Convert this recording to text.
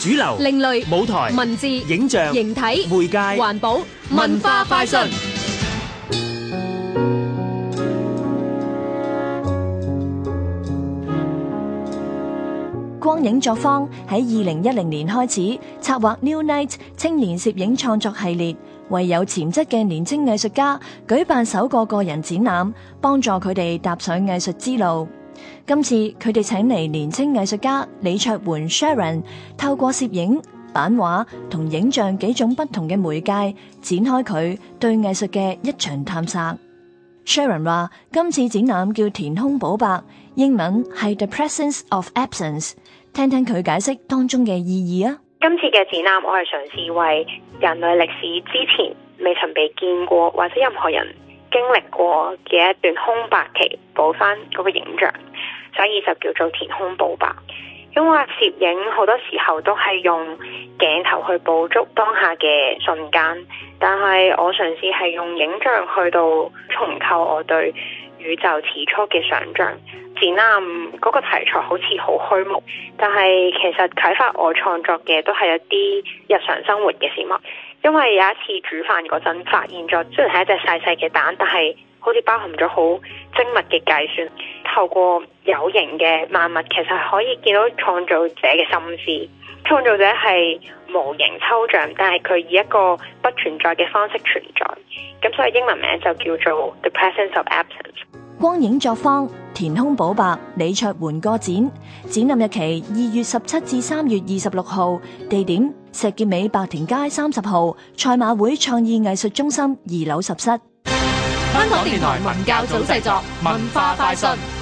主流、另類舞台、文字、影像、形體、媒介、環保、文化快訊。光影作坊喺二零一零年開始策劃 New Night 青年攝影創作系列，為有潛質嘅年輕藝術家舉辦首個個人展覽，幫助佢哋踏上藝術之路。今次佢哋請嚟年輕藝術家李卓媛 Sharon，透過攝影、版畫同影像幾種不同嘅媒介展開佢對藝術嘅一場探索。Sharon 話今次展覽叫填空補白，英文係 The Presence of Absence，聽聽佢解釋當中嘅意義啊。今次嘅展覽我係嘗試為人類歷史之前未曾被見過或者任何人經歷過嘅一段空白期補翻嗰個影像。所以就叫做填空補白，因為攝影好多時候都係用鏡頭去捕捉當下嘅瞬間，但係我嘗試係用影像去到重構我對宇宙始初嘅想像。展覽嗰個題材好似好虛無，但係其實啟發我創作嘅都係一啲日常生活嘅事物。因為有一次煮飯嗰陣發現咗，雖然係一隻細細嘅蛋，但係好似包含咗好精密嘅計算。透過有形嘅萬物，其實可以見到創造者嘅心思。創造者係無形抽象，但係佢以一個不存在嘅方式存在。咁所以英文名就叫做 The Presence of Absence。光影作坊、填空補白、李卓媛個展，展覽日期二月十七至三月二十六號，地點石硤尾白田街三十號賽馬會創意藝術中心二樓十室。香港電台文教組製作，文化快訊。